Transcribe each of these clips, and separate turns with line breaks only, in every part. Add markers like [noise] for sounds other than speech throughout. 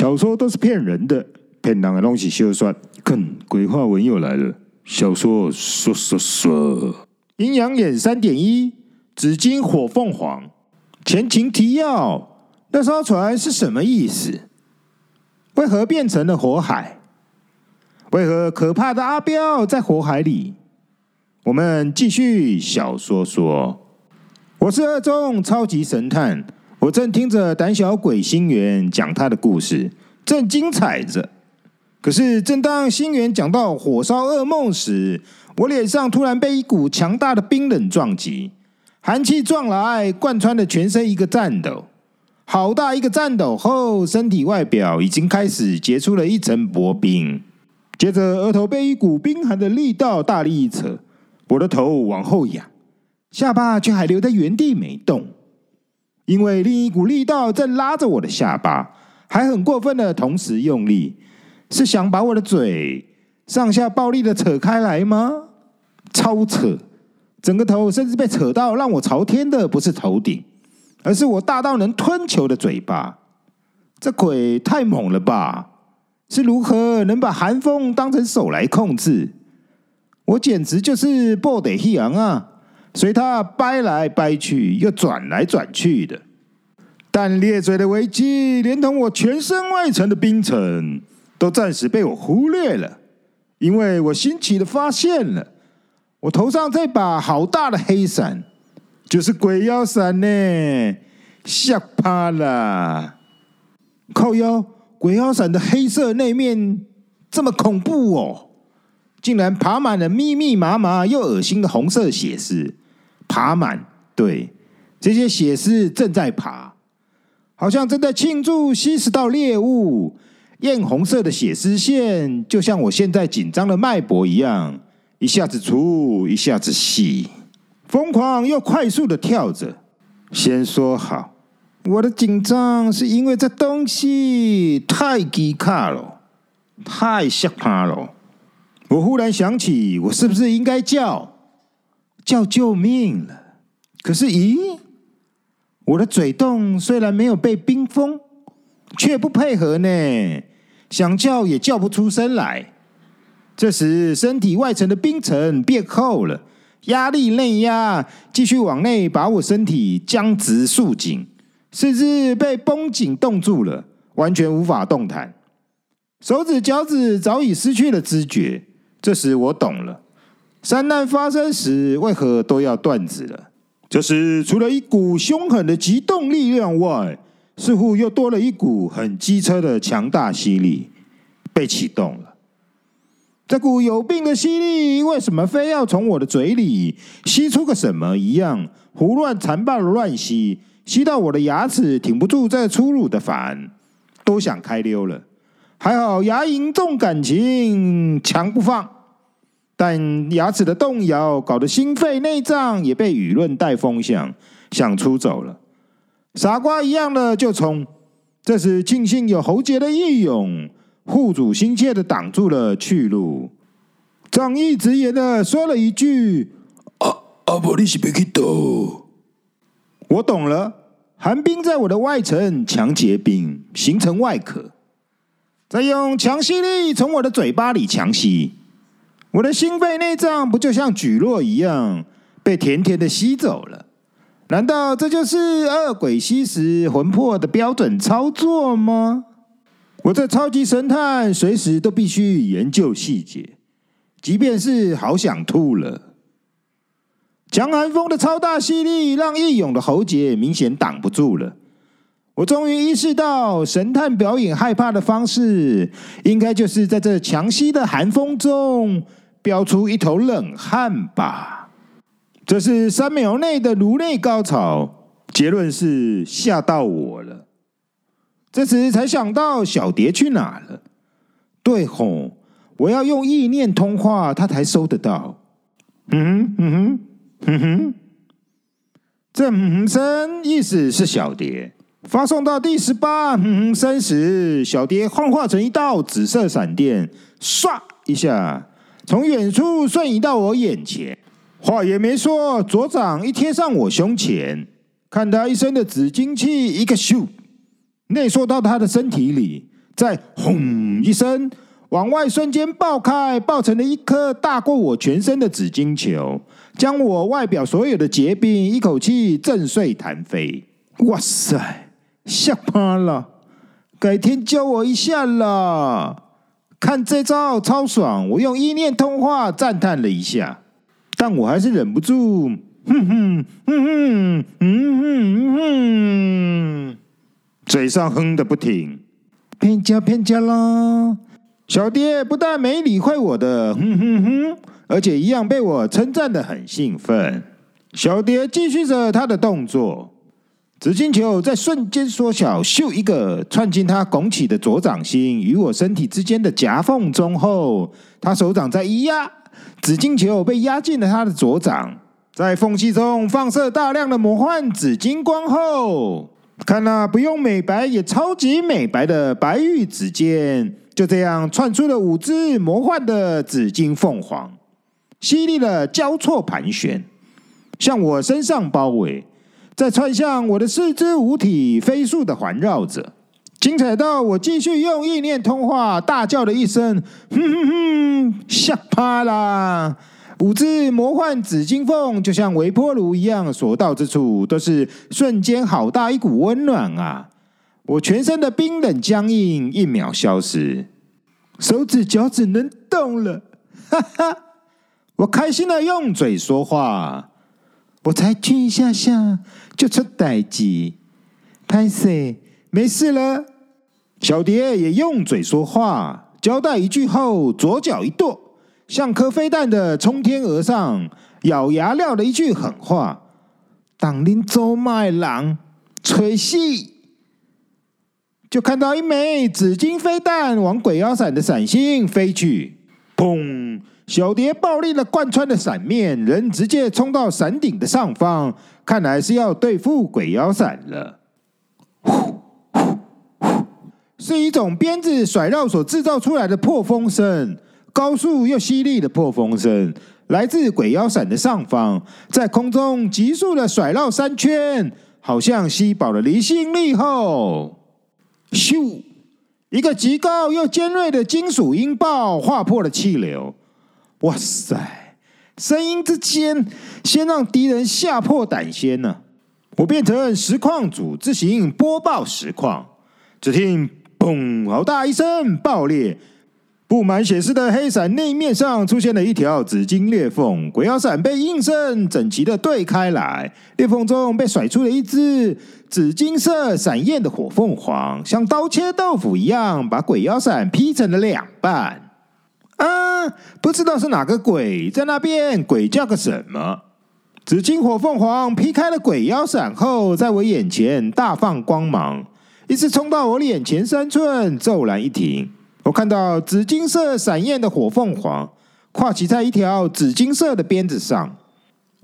小說都是騙人的，騙人的東西就算。看鬼話文又來了，小說說說說，陰陽眼三點一，紫金火鳳凰。前情提要：那艘船是什麼意思？為何變成了火海？為何可怕的阿彪在火海裡？我們繼續小說說。我是二中超級神探，我正聽着膽小鬼心源講他的故事。正精彩着，可是正當心源講到火燒噩夢時，我臉上突然被一股強大的冰冷撞擊，寒氣撞來，貫穿了全身，一個顫抖。好大一個顫抖後，身體外表已經開始結出了一層薄冰。接着，額頭被一股冰寒的力道大力一扯，我的頭往後仰，下巴卻還留在原地沒動，因為另一股力道正拉着我的下巴。還很過分的同時用力，是想把我的嘴上下暴力的扯開來嗎？超扯！整個頭甚至被扯到讓我朝天的不是頭頂，而是我大到能吞球的嘴巴。這鬼太猛了吧！是如何能把寒風當成手來控制？我簡直就是不倒翁啊！隨他掰來掰去，又轉來轉去的。但裂嘴的危機，連同我全身外層的冰層，都暫時被我忽略了，因為我新奇的發現了，我頭上這把好大的黑傘，就是鬼妖傘呢，嚇怕了。靠腰，鬼妖傘的黑色內面這麼恐怖哦，竟然爬滿了密密麻麻又噁心的紅色血絲，爬滿，對，這些血絲正在爬。好像正在慶祝吸食到獵物，豔紅色的血絲線就像我現在緊張的脈搏一樣，一下子粗，一下子細，瘋狂又快速的跳着。先說好，我的緊張是因為這東西太激卡了，太嚇怕了。我忽然想起，我是不是應該叫叫救命了？可是，咦？我的嘴洞雖然沒有被冰封，却不配合呢，想叫也叫不出聲來。這時，身體外層的冰層變厚了，壓力內壓繼續往內把我身體僵直束緊，甚至被繃緊凍住了，完全無法動彈。手指、腳趾早已失去了知覺。這時我懂了，山難發生時為何都要斷指了。就是除了一股凶狠的極動力量外，似乎又多了一股很機車的強大吸力，被啟動了。這股有病的吸力，為什麼非要從我的嘴裡吸出個什麼一樣？胡亂殘暴的亂吸，吸到我的牙齒挺不住這粗魯的煩，都想開溜了。還好牙齦重感情，強不放。但牙齒的動搖，搞得心肺內臟也被輿論帶風向，想出走了，傻瓜一樣的就衝。這時慶幸有喉結的義勇護主心切的擋住了去路，仗義執言的說了一句：“啊啊、不是。”我懂了，寒冰在我的外層強結冰，形成外殼，再用強吸力從我的嘴巴裡強吸。我的心肺內臟不就像蒟蒻一樣被甜甜的吸走了？難道這就是惡鬼吸食魂魄的標準操作嗎？我這超級神探，隨時都必須研究細節，即便是好想吐了。強寒風的超大吸力讓義勇的喉結明顯擋不住了。我終於意識到，神探表演害怕的方式，應該就是在這強吸的寒風中。飆出一頭冷汗吧！這是三秒內的顱內高潮，結論是嚇到我了。這時才想到小蝶去哪了？對吼，我要用意念通話，他才收得到嗯。嗯哼，嗯哼，嗯哼，這嗯哼聲意思是小蝶發送到第十八嗯哼聲時，小蝶幻化成一道紫色閃電，唰一下。從遠處瞬移到我眼前，話也沒說，左掌一貼上我胸前，看他一身的紫金氣，一個咻，內縮到他的身體裡，再轟一聲，往外瞬間爆開，爆成了一顆大過我全身的紫金球，將我外表所有的結冰一口氣震碎彈飛。哇塞，嚇怕了，改天教我一下啦。看這招超爽！我用意念通話讚嘆了一下，但我還是忍不住哼哼哼哼哼哼哼，嘴上哼得不停。騙家騙家囉！小蝶不但沒理會我的哼哼哼，而且一樣被我稱讚得很興奮。小蝶繼續着他的動作。紫金球在瞬間縮小，咻一個竄進他拱起的左掌心與我身體之間的夾縫中後，他手掌再一壓，紫金球被壓進了他的左掌，在縫隙中放射大量的魔幻紫金光後，看那、啊、不用美白也超級美白的白玉指尖，就這樣竄出了五隻魔幻的紫金鳳凰，犀利的交錯盤旋，向我身上包圍。在竄向我的四肢五體，飛速的環繞着，精彩到我繼續用意念通話，大叫了一聲，哼哼哼，嚇趴啦！五隻魔幻紫金鳳就像微波爐一樣，所到之處都是瞬間好大一股溫暖啊！我全身的冰冷僵硬一秒消失，手指腳趾能動了，哈哈！我開心的用嘴說話。我才去一下下，就出代誌。潘 sir 沒事了。小蝶也用嘴說話，交代一句後，左腳一跺，像顆飛彈的衝天而上，咬牙撂了一句狠話：“當林走麥郎，吹戲。”就看到一枚紫金飛彈往鬼妖傘的傘心飛去，砰！小蝶暴力的貫穿的傘面，人直接衝到傘頂的上方，看來是要對付鬼妖傘了。呼呼呼，是一種鞭子甩繞所製造出來的破風聲，高速又犀利的破風聲，來自鬼妖傘的上方，在空中急速的甩繞三圈，好像吸飽了離心力後，咻，一個極高又尖銳的金屬音爆，劃破了氣流。哇塞！聲音之間，先讓敵人嚇破膽先呢、啊。我變成實況組自行播報實況。只聽“砰”，好大一聲爆裂，布滿血絲的黑傘內面上出現了一條紫金裂縫，鬼妖傘被應聲整齊的對開來，裂縫中被甩出了一隻紫金色閃焰的火鳳凰，像刀切豆腐一樣把鬼妖傘劈成了兩半。不知道是哪個鬼在那邊，鬼叫個什麼？紫金火鳳凰劈開了鬼妖傘後，在我眼前大放光芒，一直衝到我臉前三寸，驟然一停。我看到紫金色閃焰的火鳳凰，跨騎在一條紫金色的鞭子上，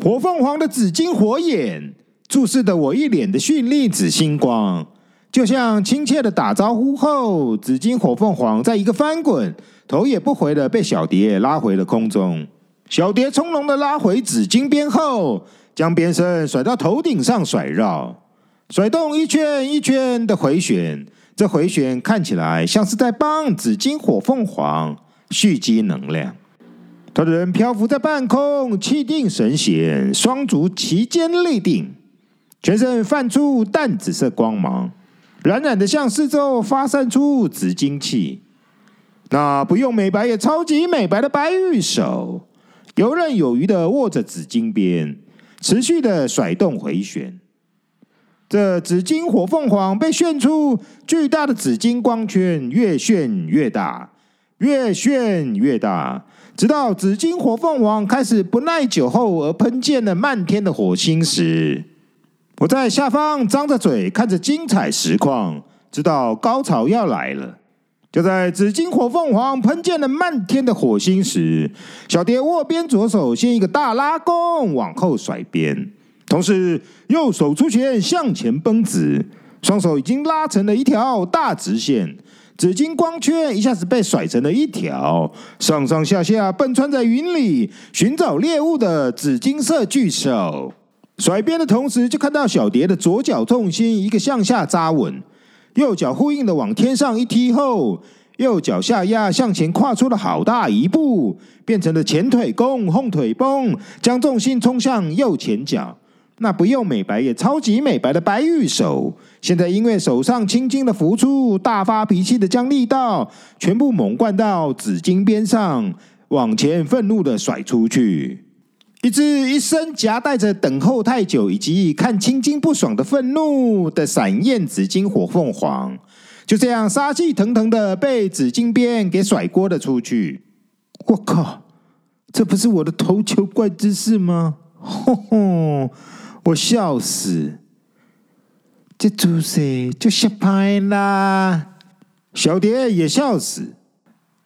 火鳳凰的紫金火眼注視著我一臉的絢麗紫星光，就像親切的打招呼後，紫金火鳳凰在一個翻滾，頭也不回地被小蝶拉回了空中。小蝶從容地拉回紫金鞭後，將鞭身甩到頭頂上甩繞，甩動一圈一圈的回旋。這回旋看起來像是在幫紫金火鳳凰蓄積能量。他的人漂浮在半空，氣定神閒，雙足齊肩立定，全身泛出淡紫色光芒，冉冉地向四周發散出紫金氣。那不用美白也超級美白的白玉手，游刃有餘的握着紫金鞭，持續的甩動回旋。這紫金火鳳凰被旋出巨大的紫金光圈，越旋越大，越旋越大，直到紫金火鳳凰開始不耐久候而噴濺了漫天的火星時，我在下方張着嘴看着精彩實況，知道高潮要來了。就在紫金火鳳凰噴濺了漫天的火星時，小蝶握鞭左手先一個大拉弓，往後甩鞭，同時右手出拳向前繃直，雙手已經拉成了一條大直線，紫金光圈一下子被甩成了一條，上上下下蹦穿在雲裡尋找獵物的紫金色巨手。甩鞭的同時，就看到小蝶的左腳重心一個向下扎穩。右腳呼應的往天上一踢後，右腳下壓向前跨出了好大一步，變成了前腿弓、後腿繃，將重心衝向右前腳。那不用美白也超級美白的白玉手，現在因為手上青筋的浮出，大發脾氣的將力道全部猛灌到紫金邊上，往前憤怒的甩出去。一隻一身夾帶着等候太久以及看青金不爽的憤怒的閃焰紫金火鳳凰，就這樣殺氣騰騰的被紫金鞭給甩鍋了出去。我靠，這不是我的頭球怪姿勢嗎？呵呵，我笑死，這姿勢就下拍啦。小蝶也笑死，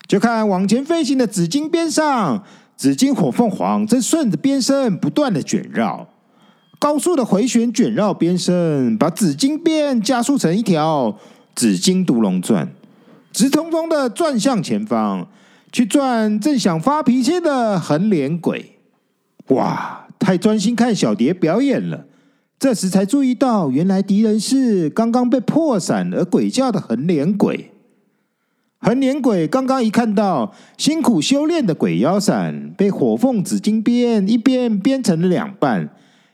就看往前飛行的紫金鞭上。紫金火鳳凰正順着鞭身，不斷的捲繞，高速的回旋捲繞鞭身，把紫金鞭，加速成一條紫金獨龍轉，直衝冲的轉向前方，去轉正想發脾氣的橫臉鬼。哇！太專心看小蝶表演了，這時才注意到，原來敵人是剛剛被破傘而鬼叫的橫臉鬼。橫臉鬼剛剛一看到辛苦修煉的鬼妖傘被火鳳紫金鞭一鞭鞭成了兩半，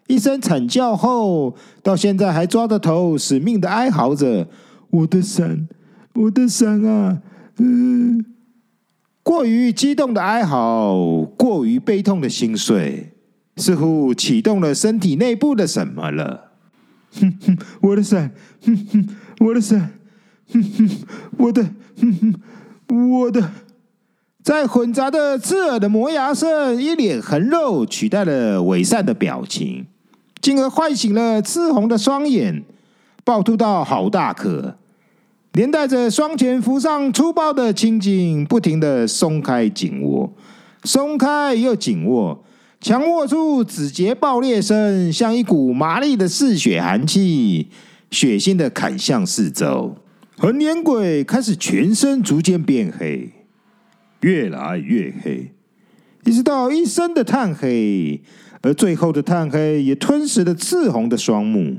一聲慘叫後，到現在還抓着頭，死命的哀嚎着：“我的傘，我的傘啊！”嗯，過於激動的哀嚎，過於悲痛的心碎，似乎啟動了身體內部的什麼了。哼哼， [laughs] 我的傘，哼哼，我的傘。哼哼， [laughs] 我的，哼哼，我的， [laughs] 我的笑在混雜的刺耳的磨牙聲，一臉橫肉取代了偽善的表情，進而喚醒了赤紅的雙眼，暴突到好大顆，連帶着雙拳扶上粗暴的青筋，不停的鬆開緊握，鬆開又緊握，強握出指節爆裂聲，像一股麻利的嗜血寒氣，血腥的砍向四周。橫臉鬼開始全身逐漸變黑，越來越黑，一直到一身的炭黑，而最後的炭黑也吞噬了赤紅的雙目，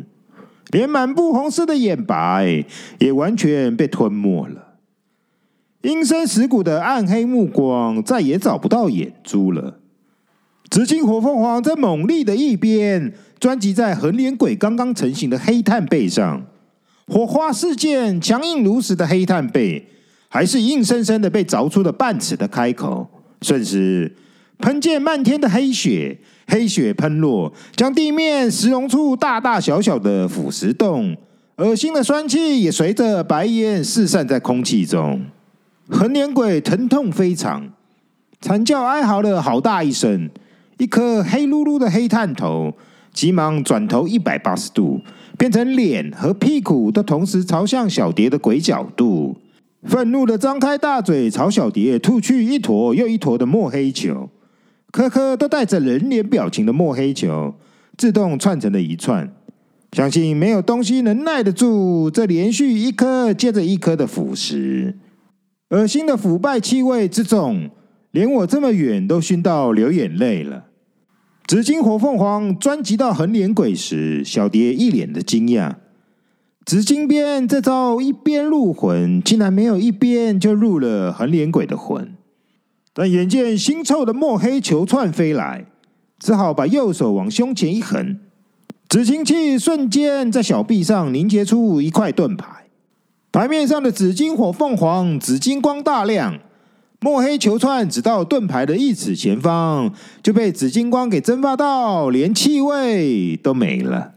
連滿布紅色的眼白也完全被吞沒了。陰森蝕骨的暗黑目光再也找不到眼珠了。紫金火鳳凰在猛烈的異變，撞擊在橫臉鬼剛剛成型的黑炭背上。火花四濺，強硬如石的黑炭背還是硬生生的被鑿出了半尺的開口，瞬時噴濺漫天的黑血，黑血噴落，將地面石溶出大大小小的腐蝕洞，惡心的酸氣也隨着白煙四散在空氣中。橫臉鬼疼痛非常，慘叫哀嚎了好大一聲，一顆黑嚕嚕的黑炭頭，急忙轉頭一百八十度，變成臉和屁股都同時朝向小蝶的鬼角度，憤怒的張開大嘴，朝小蝶吐去一坨又一坨的墨黑球，顆顆都帶着人臉表情的墨黑球，自動串成了一串。相信沒有東西能耐得住這連續一顆接着一顆的腐蝕，惡心的腐敗氣味之重，連我這麼遠都燻到流眼淚了。紫金火鳳凰專輯到橫臉鬼時，小蝶一臉的驚訝。紫金鞭這招一邊入魂，竟然沒有一邊就入了橫臉鬼的魂。但眼見腥臭的墨黑球串飛來，只好把右手往胸前一橫，紫金氣瞬間在小臂上凝結出一塊盾牌，牌面上的紫金火鳳凰紫金光大亮。墨黑球串只到盾牌的一尺前方，就被紫金光給蒸發到，連氣味都沒了。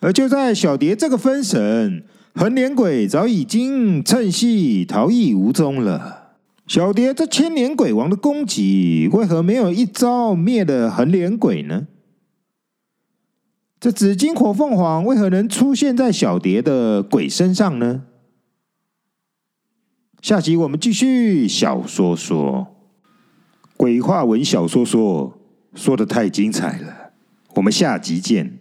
而就在小蝶這個分神，橫臉鬼早已經趁隙逃逸無蹤了。小蝶這千年鬼王的攻擊，為何沒有一招滅了橫臉鬼呢？這紫金火鳳凰為何能出現在小蝶的鬼身上呢？下集我們繼續小說說，鬼話文小說說，說得太精彩了，我們下集見。